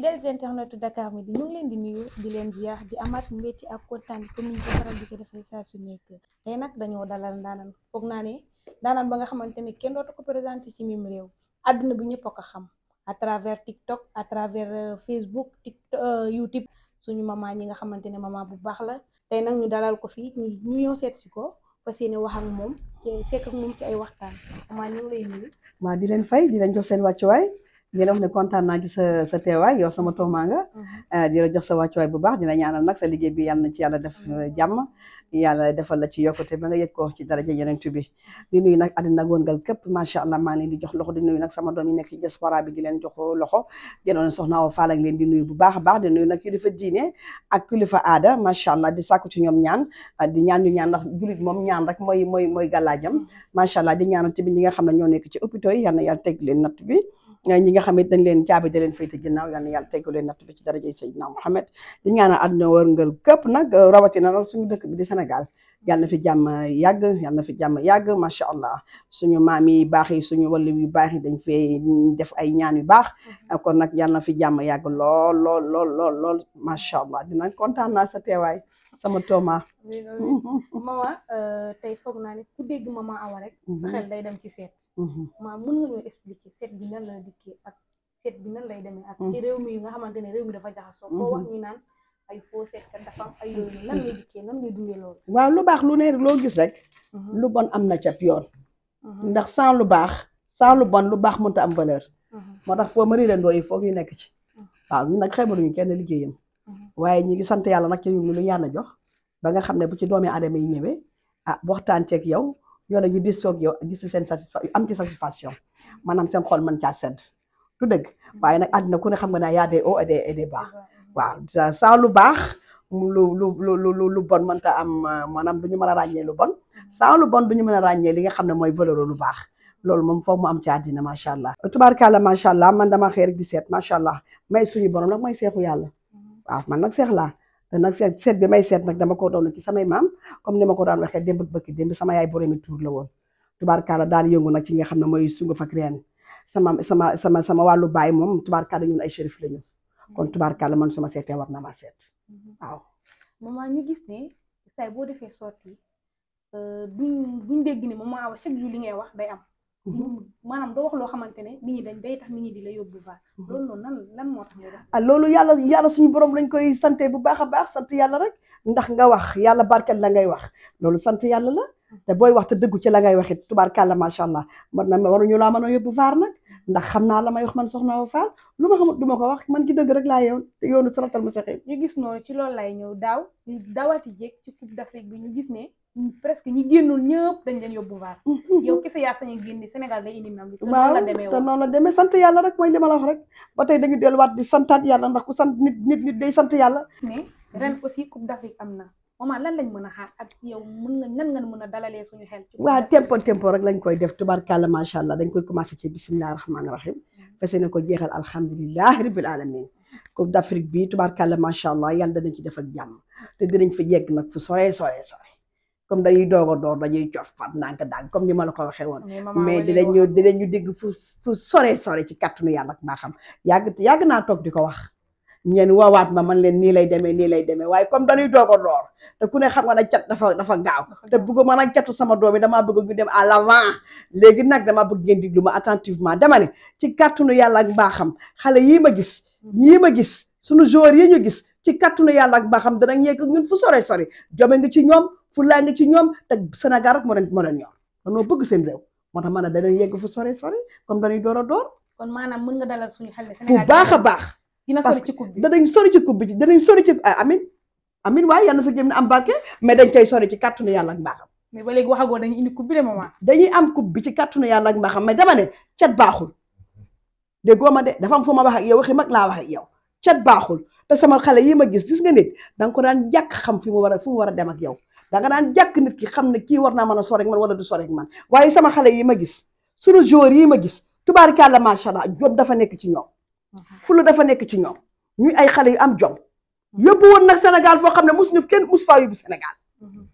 fidèles internautes Dakar Midi ñu ngi leen di nuyu di leen ziar di amaat mbétti a kontaan comme ni ñu ko faral di ko defee saa su nekk tey nag dañoo dalal ndaanaan foog naa ne ndaanaan ba nga xamante ne kenn dootu ko présenté ci mim réew àdduna bi ñëpp a ko xam à travers TikTok à travers euh, Facebook TikTok euh, YouTube suñu maman ñi nga xamante ne maman bu baax la tey nag ñu dalal ko fii ñu ñu ñëw seet si ko fas yéene wax ak moom ci sekk ak ci ay waxtaan maman ñu ngi lay nuyu. di leen fay di leen jox seen wàccuwaay. di la wax ne kontaan naa ci sa sa teewaay yow sama toomaa nga uh-huh. eh, di la jox sa wàccuwaay bu baax dina ñaanal nag sa liggéey bi yàlla na ci yàlla def uh-huh. eh, jàmm yàlla defal la ci yokkute ba nga yëg ko ci daraja yeneen bi di nuyu nag àddina wëngal képp macha allah maa ngi leen di jox loxo di nuyu nag sama doom yi nekk ci diaspora leen jox loxo di doon soxna Awa di nuyu bu baax a baax di nuyu nag kilifa diine ak kilifa aada macha allah di sàkku ci ñoom ñaan eh, di ñaan ñu ñaan ndax julit moom ñaan rek mooy mooy mooy gàllaajam uh-huh. macha allah di ñaanal ci bi nga xam ne ñoo nekk ci hôpitaux yi na yàlla teg leen natt ñi nga xam ne dañ leen caabi da leen féete ginnaaw yal na yàlla teggu leen natt bi ci daraja Seydina Mohamed di ñaanal nag euh, rawatina nag suñu dëkk bi di Sénégal yàlla na fi jàmm yàgg yàlla na fi jàmm yàgg macha allah suñu maam yi baax yi suñu wàllu yu baax yi dañ fee def ay ñaan yu baax mm-hmm. kon nag yàlla na fi jàmm yàgg lool lool lool lool lool macha allah dinañ kontaan na sa teewaay sama tooma maman euh, tey foog naa ne ku dégg ma Awa rek sa mhm. xel dem ci seet mhm. maa mën nga ñoo expliquer seet bi nan la dikkee ak seet bi nan lay demee ak mhm. réew mi yi nga xamante ne réew mi dafa jaxasoo koo wax ñu naan ay foo seet kat dafa ay yooyu nan lay dikkee nan ngay dundee loolu waaw lu baax lu ne loo gis rek lu bon am na cap yoon ndax sans lu baax sans lu bon lu baax mënta am valeur moo tax foo mari rendoo yi foo ñu nekk ci waaw ñu nag xayma duñu kenn liggéeyam waaye ñi ngi sant yàlla nag ci ñu lu a jox ba nga xam ne bu ci doomi aadama yi ñëwee ah waxtaan ceeg yow ñoo ñu dis soog yow gis seen satisfaction am ci satisfaction maanaam seen xol mën caa sedd du dëgg waaye nag àddina ku ne xam nga ne yaa des hauts et des bas waaw saa lu baax lu lu lu lu bon mënta am maanaam du ñu mën a ràññee lu bon saa lu bon du ñu a ràññee li nga xam ne mooy valeur lu baax lool moom foog mu am ci àddina macha allah. tubaarkalla macha allah man dama xëy rek di seet macha allah may suñu borom nag may seexu yàlla. waaw man nag seex laa te nag seet seet bi may seet nag dama ko doon ci samay maam comme ni ma ko daan waxee démb ak bëkk démb sama yaay boromi tuur la woon tubaarkaala daan yëngu nag ci nga xam ne mooy sunguf ak reen sama sama sama sama wàllu baay moom tubaarkaala ñun ay shérif lañu kon la man suma seetee war na maa seet mhm. waaw maman ñu gis ne say boo defee sorti euh, duñ duñ dégg ne moom a chaque jour li ngay wax day am maanaam doo wax loo xamante ne nit ñi dañ day tax mi ñi di la yóbbu baax loolu noonu nan lan moo tax ah loolu yàlla yàlla suñu borom lañ koy sante bu baax a baax sant yàlla rek ndax nga wax yàlla barkeel la ngay wax loolu sant yàlla la te booy wax te dëggu ci la ngay wax it tubaarkàlla macha allah man na waruñu laa mën a yóbbu faar nag ndax xam naa la may wax man soxna Awa Fall lu ma xamut du ma ko wax man ki dëgg rek laa yow yoonu saratal mu saxee ñu gis noonu ci loolu lay ñëw daaw ñu daawati jéeg ci coupe d'Afrique bi ñu gis ne presque ñi génnul ñëpp dañ leen yóbbu vaar mm-hmm. yow kese yaa sañ a génn Sénégal ngay indi ndam li waaw te noonu la demee sant yàlla rek mooy li ma la wax rek ba tey dañu delluwaat di santaat yàlla ndax ku sant nit nit nit na maman lan lañ mën a xaar ak yow mën nga nan nga mën a tempo tempo rek lañ koy def tubaarkàlla ma allah dañ koy commencé ci bisimilah rahmaani rahim mm-hmm. fas yéene ko jeexal alhamdulilahi rabil alamin Coupe d'Afrique bi tubaarkàlla macha allah yàlla danañ ci def ak jàmm te dinañ fa yegg nag fu sore comme dañuy doog a door dañuy cofaat ndànk comme ni ma la ko waxee woon mais dinañu dinañu dégg fu fu sore sore ci kàttanu yàlla ak baaxam yàgg yàgg naa toog di wax ñeen woowaat ma man leen nii lay demee nii lay demee waaye comme dañuy doog a door te ku ne xam nga ne cat dafa dafa gaaw te bëgg a nag catu sama doom yi damaa bëgg ñu dem à l'avant léegi nag dama bëgg ngeen diglu ma attentivement dama ne ci kàttanu yàlla ak baaxam xale yii ma gis ñii ma gis sunu joueur yi ñu gis ci kàttanu yàlla ak baaxam danañ yegg ñun fu sore sori jome nga ci ñoom fulaa ngi ci ñoom te Sénégal rek moo leen moo leen ñor danoo bëgg seen réew moo tax ma ne danañ yegg fu sore sore comme dañuy door a door. kon maanaam mën nga dalal suñu xel ne Sénégal bu baax a baax. dina sori ci coupe bi danañ sori ci coupe bi danañ sori ci amin ah, amin waaye yal na sa jëm na am barke mais dañ koy sori ci kàttanu yàlla ak mbaaxam. mais ba léegi waxagoo dañuy indi coupe bi de maman. dañuy am coupe bi ci kàttanu yàlla ak mbaaxam mais dama ne cat baaxul de gooma de dafa am fu ma wax ak yow waxi mag laa wax ak yow cat baaxul te sama xale yi ma gis gis nga nit danga ko daan jàkk xam fi mu war a fi mu war a dem ak yow da naan daan jàkk nit ki xam ne kii war naa mën a soreeg man wala du soreeg man waaye sama xale yi ma gis sunu joueurs yi ma gis tubaarikàlla macha allah jom dafa nekk ci ñoom mhm. fula dafa nekk ci ñoom ñuy ay xale yu am jom yóbbu woon nag Sénégal foo xam ne mosu ñu kenn mosu faa yóbbu Sénégal mhm.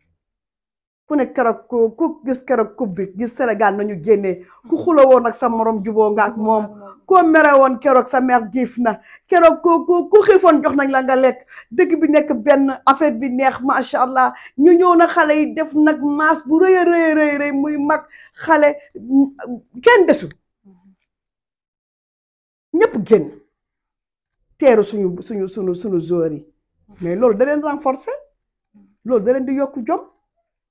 ku ne keroog ku ku gis keroog coupe bi gis Sénégal nañu génnee ku xula woon nag sam morom juboo nga ak moom ko mere woon keroog sa mer giif na keroog ku ko ku xiifoon jox nañ la nga lekk dëkk bi nekk benn affaire bi neex macha allah ñu ñëw na xale yi def nag maas bu rëy a rëy rëy muy mag xale kenn desul ñëpp génn teeru suñu suñu sunu suñu joueur yi mais loolu da leen renforcer loolu da leen di yokk jom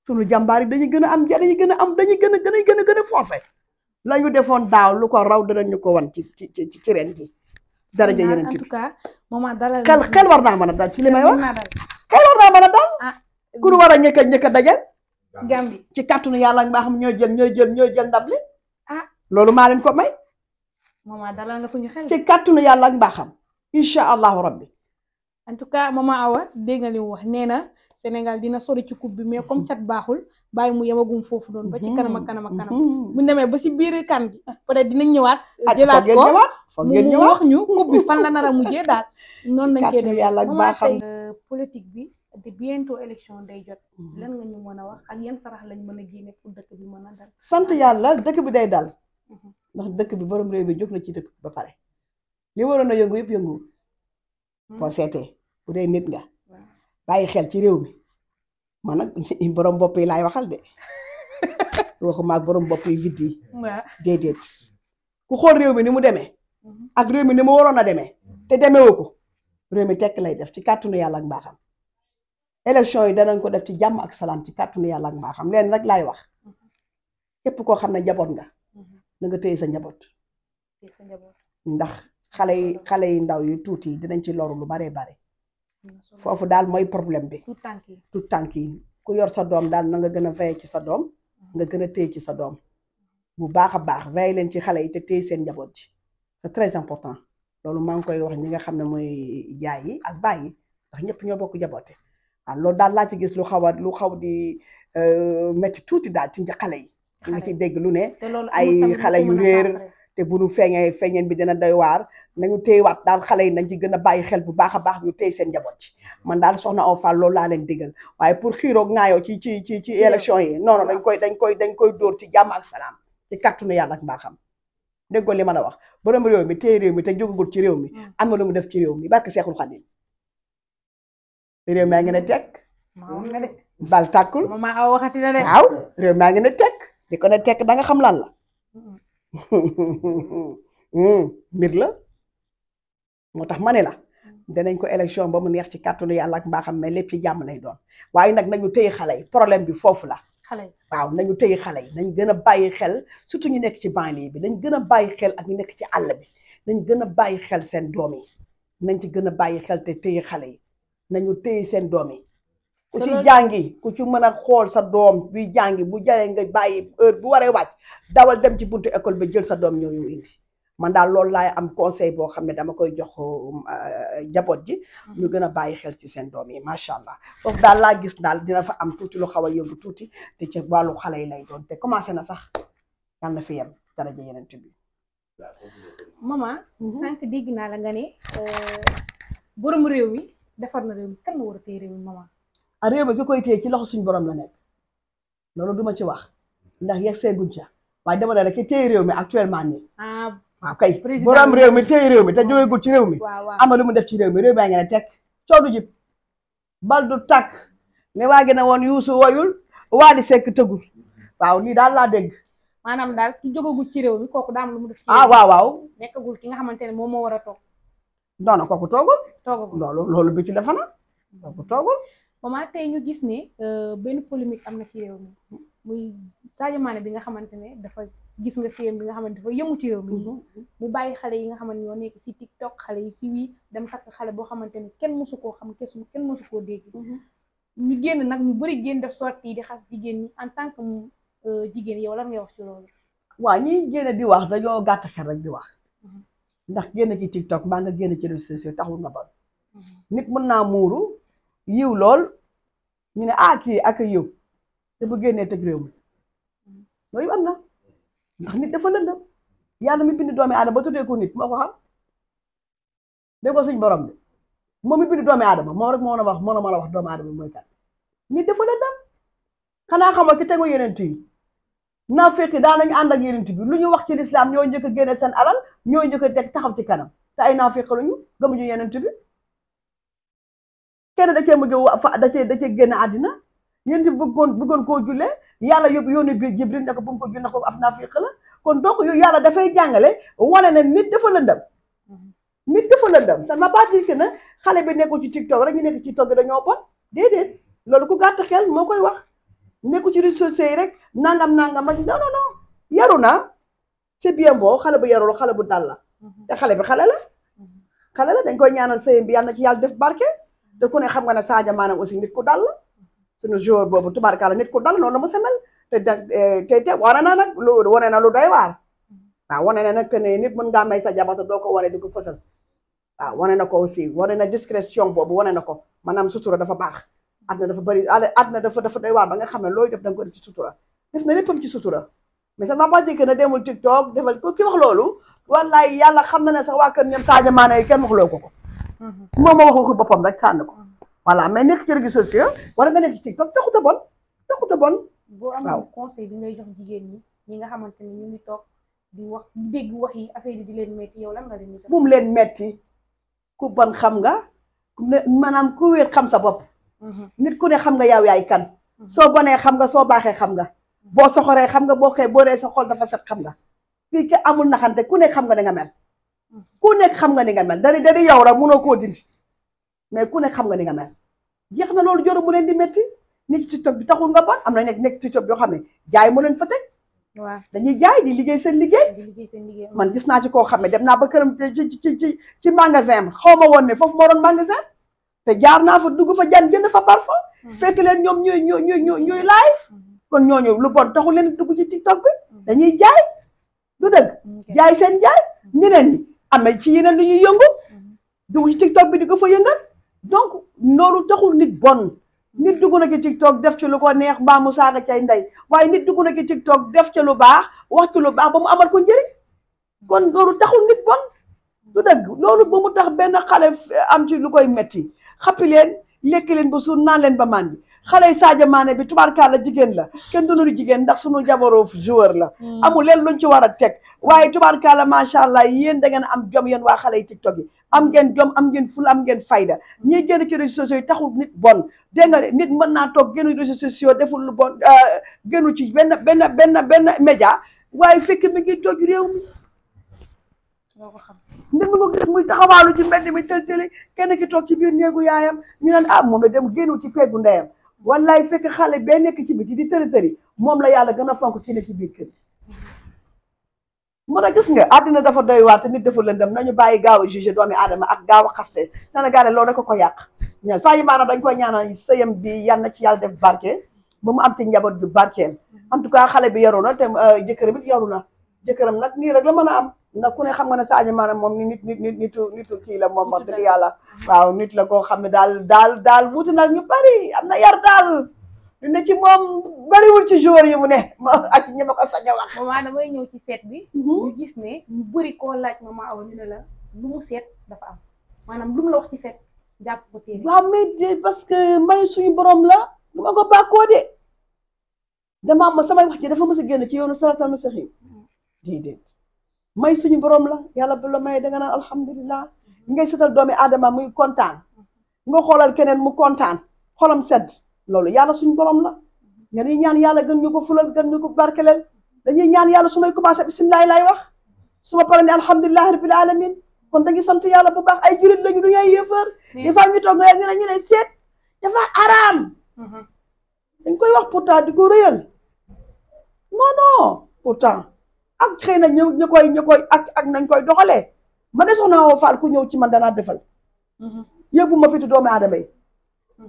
sunu jàmbaar yi dañuy gën a am dañuy gën a am dañuy gën a gën a gën a gën a forcer la ñu defoon daaw lu ko raw danañu ko wan ci ci ci ci ren ji daraja yeneen ci en tout cas dalal xel xel war naa mën a dal ci li may wax xel war naa mën a dal ah, ku nu war a ñëkk a ñëkk a dajal gambi ci kàttanu yàlla mbaa xam ñoo jël ñoo jël ñooy jël ndam li ah loolu maa ko may maman dalal nga suñu ci kàttanu yàlla mbaa xam incha allahu rabbi en tout cas Awa dégg wax nee Sénégal dina sori ci coupe bi mais comme mhm. cat baaxul bàyyi mu yemagum foofu doon ba ci mhm. kanam ak kanam ak kanam mhm. bu demee ba si biir kan bi ah. peut-être dinañ ñëwaat ah, jëlaat ko mu wax ñu coupe bi fan la nar a mujjee daal noonu nañ koy def yàlla ak baaxam euh, politique bi te bientôt élection day jot lan nga ñu mën a wax ak yan sarax lañ mën a génne pour dëkk bi mën a dal sant yàlla dëkk bi day dal ndax dëkk bi borom réew bi jot na ci dëkk ba pare li waroon a yëngu yëpp yëngu boo seetee bu dee nit nga bàyyi xel ci réew mi man nag borom bopp yi laay waxal de waxuma ak borom bopp yi vide yi. waaw déedéet ku xool réew mi ni mu demee. Mhm. ak réew mi ni mu waroon a demee. te demewoo ko réew mi tekk lay def ci kàttanu yàlla ak mbaaxam. élection yi danañ ko def ci jàmm ak salaam ci kàttanu yàlla ak mbaaxam leen rek laay wax mhm. képp koo xam ne njaboot nga. Mhm. na nga téye sa njaboot. ndax xale yi xale yi ndaw yu tuuti dinañ ci loru lu baree bare. foofu daal mooy problème bi. tout tànk yi yi ku yor sa doom daal na nga gën a veillé ci sa doom. nga gën a téye ci sa doom. bu baax a baax veillé leen ci xale yi te téye seen njaboot ji c'est très important loolu maa ngi koy wax ñi nga xam ne mooy jaay yi ak baay yi ndax ñëpp ñoo bokk jaboote waaw loolu daal laa ci gis lu xaw a lu xaw di euh, métti tuuti daal ci nja xale yi. nga ci dégg lu ne. ay xale yu réer te bu nu feeñee feeñeen bi dina doy waar. nañu téyewaat daal xale yi nañ ci gën a bàyyi xel bu baax a baax ñu téye seen njaboot ci man daal soxna Awa Fall loolu laa leen digal waaye pour xiiroog ngaayoo ci ci ci ci élection yi non dañ koy dañ koy dañ koy dóor ci jàmm ak salaam ci kàttanu yàlla ak mbaaxam li mën a wax borom réew mi téye réew mi te jógagul ci réew mi mm. am na lu mu def ci réew mi barke Seexul Xadim réew maa ngi ne tekk bal tàkkul ma aw waxati na de waaw réew maa ngi ne tekk di ko ne tekk danga xam lan la mm. Mm. mbir la moo tax ma ne la mm. danañ ko élection ba mu neex ci kàttanu yàlla ak mbaaxam mais lépp ci jàmm lay doon waaye nag nañu téye xale yi problème bi foofu la. xale yi waaw nañu téye xale yi nañ gën a bàyyi xel surtout ñu nekk ci banlieue bi nañ gën a bàyyi xel ak ñu ci àll bi nañ gën a bàyyi xel seen doom yi nañ ci gën a bàyyi xel te téye xale yi nañu téye seen doom yi. ku ci jàngi ku ci mën a xool sa doom buy jàngi bu jaree nga bàyyi heure bu waree wàcc dawal dem ci buntu école ba jël sa doom ñëw indi. man daal loolu laay am conseil boo xam ne dama koy jox euh, njaboot gi mm-hmm. ñu gën a bàyyi xel ci seen doom yi macha allah foofu daal laa gis daal dina fa am tuuti lu xaw a yëngu tuuti te ci xale yi lay doon te commencé na sax yal na fi yem daraja yeneen bi maman mm-hmm. sànq naa la nga ne euh, borom réew mi defar na réew mi kan la ah, koy téye ci loxo suñu borom la nekk loolu duma ci wax ndax yegg seeguñ ca waaye dama ne rek ki téye réew mi actuellement nii ah, waaw kay borom réew mi téye réew mi te jógegul ci réew mi ama lu mu def ci réew mi réew mi a ngeen teg coow du jib bal du tàkk ne waa gën a woon yuusu woyul waa di sekk tëgul waaw lii daal laa dégg maanaam daal ki jógagul ci réew mi kooku daam lu mu def ci ah waaw waaw nekkagul ki nga xamante ne moom moo war a toog non non kooku toogul toogul loolu loolu bi ci defa na kooku toogul Omar tey ñu gis ne euh, benn polémique am na ci réew mi muy Sadio Mané bi nga xamante ne dafa gis nga CM bi nga xamante dafa yëngu ci réew mi. Mm-hmm. mu bàyyi xale yi nga xamante ñoo nekk si TikTok xale yi si wii dem takk xale boo xamante ne kenn mosu koo xam kesum kenn mosu koo dégg. Mm-hmm. ñu génn nag ñu bëri génn def sortie di xas jigéen ñi en tant que euh, jigéen yow lan ngay wax ci loolu. waaw ñi génn di wax dañoo gàtt xel rek di wax. Mm-hmm. ndax génn ci TikTok mbaa nga génn ci réseaux sociaux taxul nga bon. nit mën naa muuru yiw lool ñu ne ah kii ak yow te bu génnee tëj réew mi loolu am na ndax nit dafa lëndëm yàlla mi bindi doomi aadama ba tuddee ko nit moo ko xam dégg ko suñ borom bi moom mi bind doomi aadama moom rek moo la wax moo la mën a wax doomi aadama bi mooy kat nit dafa lëndëm xanaa xamal ki tegu yeneen yi naa fekki daan nañu ànd ak yeneen bi lu ñu wax ci lislaam ñoo njëkk a génne seen alal ñoo njëkk teg taxaw ci kanam te ay naa fekk lu ñu gëmuñu yeneen bi kenn da cee mujj fa da cee da cee génn àddina yéen ti bëggoon bëggoon koo jullee yàlla yóbbu yónni bi jibril ne ko bu mu ko junne ko ab naafiq la kon donc yooyu yàlla dafay jàngale wane ne nit dafa lëndëm mm-hmm. nit dafa lëndëm ça ne veut pas dire xale bi nekkul ci tiktok rek ñu nekk ci tiktok dañoo bon déedéet loolu ku gàtt xel moo koy wax nekku ci réseaux sociaux rek nangam nangam rek non non non yaru na c'est bien boo xale bu yarul xale bu dal la mm-hmm. te xale bi mm-hmm. xale la dañ koy ñaanal sëyam bi yàlla na ci yàlla def barke te ku ne xam nga ne Sadio Mané aussi nit ku dal la suñu joueur boobu tubaarkalla nit ku dal noonu la mu semel te eh, te te wane na nag lu wane na lu doy waar waaw wane na nag que ne nit mën ngaa may sa jabar te doo ko wane di ko fësal waaw wane na ko aussi wane na discrétion boobu wane na ko maanaam sutura dafa baax na dafa bëri àdduna dafa dafa doy waar ba nga xam ne looy def da nga ko def ci sutura def na léppam ci sutura mais ça mama dégg na demul TikTok ko ki wax loolu yàlla xam na ne sax waa kër ñoom Sadio Mané kenn ko ko moom ma wax waxu boppam rek sànni ko voilà mais nekk ci réseaux sociaux wala nga nekk ci TikTok taxut a bon taxut a bon. boo amoon conseil bi ngay jox jigéen ñi ñi nga xamante ni ñu ngi toog di wax di dégg wax yi affaire yi di leen metti yow lan nga leen bu mu leen metti ku bon xam nga maanaam ku wér xam sa bopp. Mhm. nit ku ne xam nga yow yaay kan. Mhm. soo bonee xam nga soo baaxee xam nga. Mhm. boo soxoree xam nga boo xee boo dee sa xol dafa set xam nga. fii ki amul naxante ku ne xam nga da nga mel. ku nekk xam nga ni nga mel dari dari yow rek mënoo koo dindi mais ku nekk xam nga ni nga mel jeex na loolu joru mu leen di métti nit ci TikTok bi taxul nga bon am na nekk nekk ci TikTok yoo xam ne jaay moo leen fa teg waaw dañuy jaay di liggéey seen liggéey man gis naa ci koo xam ne dem naa ba këram ci ci ci ci magasin xaw ma woon ne foofu moo doon magasin te jaar naa fa dugg fa jan jënd fa parfum mm-hmm. fekk leen ñoom ñuy ñuy ñuy ñuy live mm-hmm. kon ñooñu lu bon taxul leen dugg ci TikTok bi mm-hmm. dañuy jaay du dëgg jaay seen jaay ñeneen ñi am na ci yeneen lu ñuy yëngu mm-hmm. dugg ci tiktok bi di ko fa yëngal donc ndooru taxul nit bon nit dugg na ci tiktok def ci lu ko neex mbaa mu saaga cay ndey waaye nit dugg na ci tiktok def ci lu baax wax ci lu baax ba mu amal ko njëriñ kon loolu taxul nit bon du dëgg loolu bu mu tax benn xale am ci lu koy metti xappi leen lekk leen ba suur naan leen ba màndi xale yi Sadio Mané bi kala jigéen la kenn dundu jigéen ndax sunu jabaroo joueur la. Hmm. amul leen luñ ci war a teg waaye kala macha allah yéen da ngeen am jom yen waa xale yi TikTok yi. am ngeen jom am ngeen ful am ngeen fayda ñiy génn ci réseaux sociaux yi taxul nit bon dégg nga nit mën naa toog génn réseaux sociaux deful lu bon euh, génnu ci ben benn benn benn média waaye fekk mi ngi toj réew mi. moo ko xam nit mu ko gis muy taxawaalu ci mbedd mi tël tëli kenn ki toog ci biir néegu yaayam ñu naan ah la dem génnu ci peggu ndeyam. wallaay fekk xale bee nekk ci biti di tëri tëri moom la yàlla gën a fonk kii ne ci biir kër gi mën a gis nga addina dafa doy waar te nit dafa lëndëm nañu bàyyi gaaw a jugé aadama ak gaaw a xaste Sénégalais loolu rek ko yàq ña saa yi maanaam dañ koy ñaanal sëyam bi yal na ci yàlla def barke ba mu am ci njaboot ju barkeel en tout cas xale bi yaru na te euh, jëkkëram it yaru na jëkkëram nag nii rek la mën a am ndax ku ne xam nga ne Sadio Mané moom nit nit nit nitu nitu kii la moom wax dëgg yàlla. waaw nit la koo xam ne daal daal daal wuti nag ñu bari am na yar daal. du ne ci moom bariwul ci jour yi mu ne ak ñi ma ko sañ ñëw ci seet bi. Mhm. ñu gis ne bëri koo laaj maman ñu ne la lu mu seet dafa am maanaam lu mu la wax ci seet jàpp ko téere. waaw mais parce que may suñu borom la lu ma ko bàkkoo de dama am samay wax ji dafa mës a génn ci yoonu saratal masaxi mm. déedéet. may suñu borom la yàlla bu la may danga naan alhamdulilah ngay setal doomi aadama muy kontaan nga xoolal keneen mu kontaan xolam sedd loolu yàlla suñu borom la ñanuy ñaan yàlla gën ñu ko fulal gën ñu ko barkeleel dañuy ñaan yàlla su may commencé bisimilahi laay wax su ma paree ne alhamdulilahi rabil alamin kon dañuy sant yàlla bu baax ay jurit lañu du ñuy yëfër des fois ñu toog nga ñu ne ñu ne seet dafa araam mm-hmm. dañ koy wax pourtant di ko réyal non non ak xëy na ñu ñu koy ak ak nañ koy doxalee ma ne soxna Awa Fall ku ñëw ci man danaa defal mm-hmm. yëgu ma fitu doomu aadama yi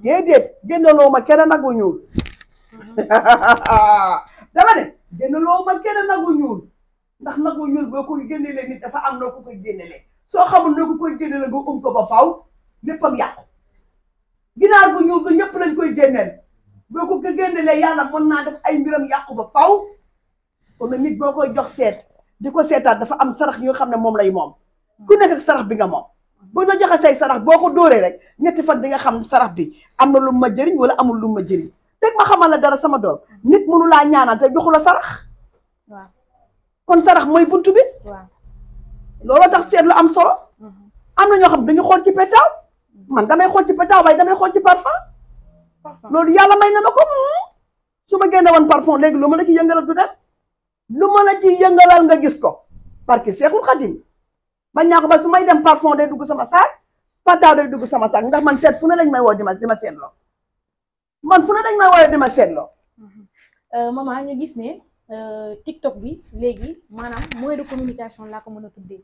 déedéet génnaloo ma kenn nagu ñuul mm-hmm. dama ne génnaloo ma kenn nagu ñuul ndax nagu ñuul boo ko génnelee nit dafa am na ku soo xamul ne ku koy génnelee nga um ko ba faw léppam yàqu ginaar gu ñuul du ñëpp lañ koy génneel boo ko génnelee yàlla mën naa def ay mbiram yàqu ba faw kon nag nit boo koy jox seet di ko seetaat dafa am sarax yoo xam ne moom lay moom ku nekk ak bi nga moom boo ma joxe say sarax boo ko dóoree rek ñetti fan nga xam sarax bi am na lu ma jëriñ wala amul lu ma jëriñ teg ma xamal la dara sama doom nit mënu laa ñaanal te joxu la sarax. kon sarax mooy buntu bi. looloo tax seet lu am solo. Mhm. am na ñoo xam dañu xool ci pétaaw man damay xool ci pétaaw waaye damay xool ci parfum. loolu yàlla may na ma ko su ma génne woon parfum léegi lu ma la ci yëngalal du dem. lu ma a ci yëngalal nga gis ko parce que Seexul Xadim bañ naa ko ba su may dem parfum day dugg sama saak pata day dugg sama saak ndax man seet fu ne lañ may woo di ma di ma seetloo man fu ne lañ may wooyee di ma seetloo. Euh, maman ñu gis ne euh, TikTok bi léegi maanaam moyen de communication laa ko mën a tuddee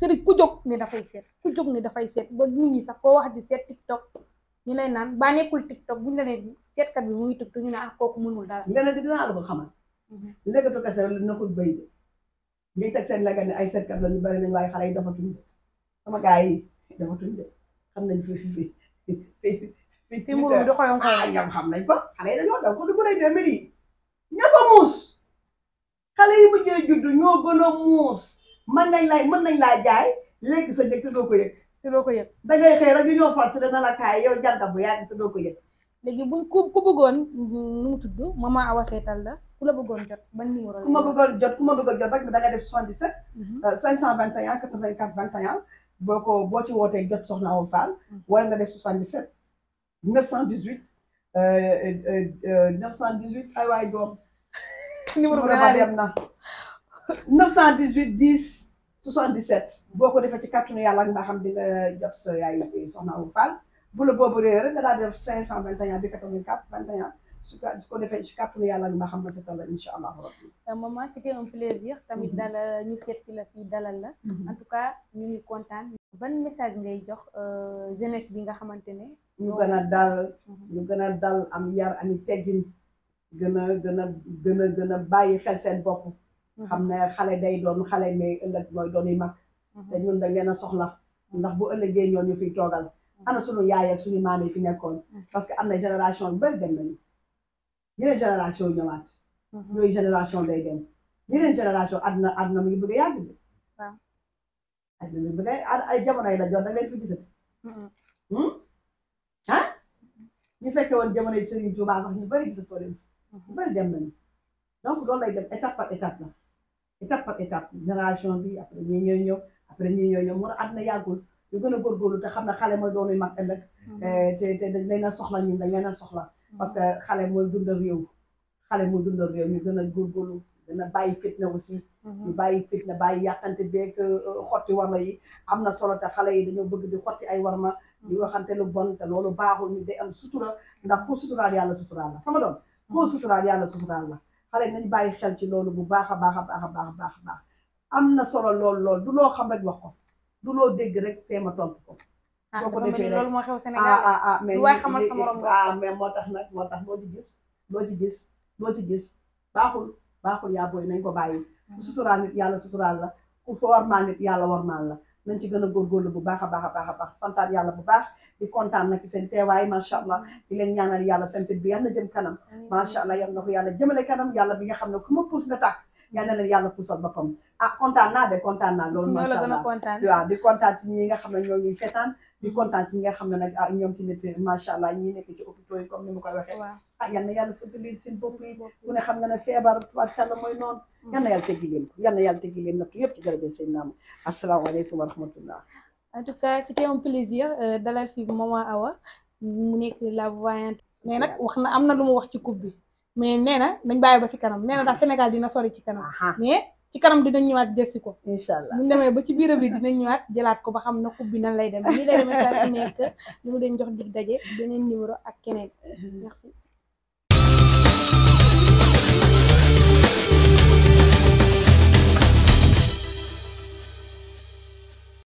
sëriñ ku jóg ne dafay seet ku jóg ne dafay seet ba nit ñi sax koo wax di seet TikTok ñu lay naan ba nekkul TikTok bu ñu la nee seetkat bi mu ngi tukk ñu ne ah kooku mënul dara. leneen dina lëkkatu kese la naxul béy de ngay teg seen laga ne ay seetkat la ñu bari nañ waaye xale yi dafatuñ de sama gars yi dafatuñ de xam nañ fi fi fi fi fi mburu mi du xoyom xoyom ah, ñoom xam nañ ko xale yi dañoo daw ko du ko lay demee nii ñëpp a muus xale yi mujjee juddu ñoo gën a muus mën nañ lay mën nañ laa jaay léegi sa njëg te doo ko yëg te doo ko yëg da ngay xëy rek ñu ñoo forcé dana la kaay yow jant bu yàgg te doo ko yëg léegi buñ ku ku bëggoon nu mu tudd a Awa Seetal la ku la bëggoon jot ban numéro la. ku ma bëggoon jot ku ma bëggoon jot rek da nga def 77. 521 84 21 boo ko boo ci wootee jot soxna Awa Fall. Mhm. wala nga def 77 918 918 ay waay doom. numéro bi dana dem na 918 10 77. boo ko defee ci kàttanu yàlla ak nga xam di nga jot sa yaay la fi soxna Awa Fall. bu la boobu réeré rek nga daal def cinq cent vingt et un bi quatre-vingt-quatre vingt et un su ko su ko defee ma xam ne seetal la incha allah rabbi euh, maman c'était un plaisir tamit mhm. dalal ñu seet si la fii dalal la mhm. en tout cas ñu ngi kontaan ban message ngay jox euh, jeunesse bi nga xamante ne ñu gën dal mhm. ñu gën a dal am yar ami teggin gën a gën a gën a gën a bàyyi xel seen bopp xam ne xale day doon xale mais ëllëg mooy doon yu mag te ñun dañ leen a soxla ndax bu ëllëgee ñoo ñu fiy toogal ana suñu yaay ak suñu maam fi nekkoon. Mm. parce que am na génération bu bëri dem nañu. yeneen génération ñëwaat. ñooy mm-hmm. génération day dem. yeneen génération àdduna àdduna mu ngi bëgg a yàgg a ay jamono yi la jot da leen fi gisati. Mm-hmm. Hmm? ah ñu fekkee woon jamono yi Serigne Touba sax ñu bari gisatoo leen. Mm-hmm. ñu bëri dem nañu. donc loolu lay dem étape par étape la étape par génération bi après ñii ñooy ñëw après ñii ñooy ñëw mu war a àdduna ñu gën a góorgóorlu te xam ne xale mooy doonuy mag ëllëg mm-hmm. eh, te te dañ leen a soxla ñun dañ leen a soxla mm-hmm. parce que xale mooy dundal réew xale mooy dundal réew ñu gën a góorgóorlu gën a bàyyi fitna aussi mm-hmm. ñu bàyyi fitna bàyyi yàqante beeg euh, euh, xotti warma yi am na solo te xale yi dañoo bëgg di xotti ay warma di waxante lu bon te loolu baaxul ñu day am sutura ndax ku suturaal yàlla suturaal la sama doom koo suturaal yàlla suturaal la xale nañ bàyyi xel ci loolu bu baax a baax a baax a baax a baax am na solo lool lool du loo xam rek wax ko du loo dégg rek teem ma tontu ko. boo ah, ko defee rek loolu moo xew ah, Sénégal ah ah moo tax nag moo tax loo ci gis loo ci gis loo ci gis baaxul baaxul yaa booy nañ ko bàyyi. ku suturaal nit yàlla suturaal la ku fa warmaal nit yàlla warmaal la. nañ ci gën a góorgóorlu bu baax a baax a baax a baax santaat yàlla bu baax di kontaan nag ci seen teewaay macha allah di leen ñaanal yàlla seen sit bi yal na jëm kanam macha allah yal na yàlla jëmale kanam yàlla bi nga xam ne ku ma puus nga tàkk yàlla na leen yàlla puusal boppam ah kontaan naa de kontaan naa loolu. macha allah waaw di kontaan ci ñi nga xam ne ñoo ñuy seetaan. di kontaan ci ñi nga xam ne nag ah ñoom tamit macha allah ñi nekk ci hôpitaux yi comme ni ma koy waxee. ah yal na yàlla fëttali seen bopp yi. ku ne xam nga ne feebar tubaarkàlla mooy noonu. Mm. yal na yàlla teggi leen ko yal na yàlla teggi leen nattu yëpp ci jërëjëf seen naam asalaamaaleykum wa rahmatullah. en tout cas c'était un plaisir euh, dalal fi maman Awa mu nekk la voyante. mais nag wax na am na lu mu wax ci coupe bi mais nee na nañ bàyyi ba si kanam nee na daal Sénégal dina sori ci kanam mais ci kanam dinañ ñëwaat jësi ko incha allah bu ba ci biir bi dinañ ñëwaat jëlaat ko ba xam na coupe bi na lay dem nii lay demee saa su nekk ñu mu leen jox dig daje beneen numéro ak keneen merci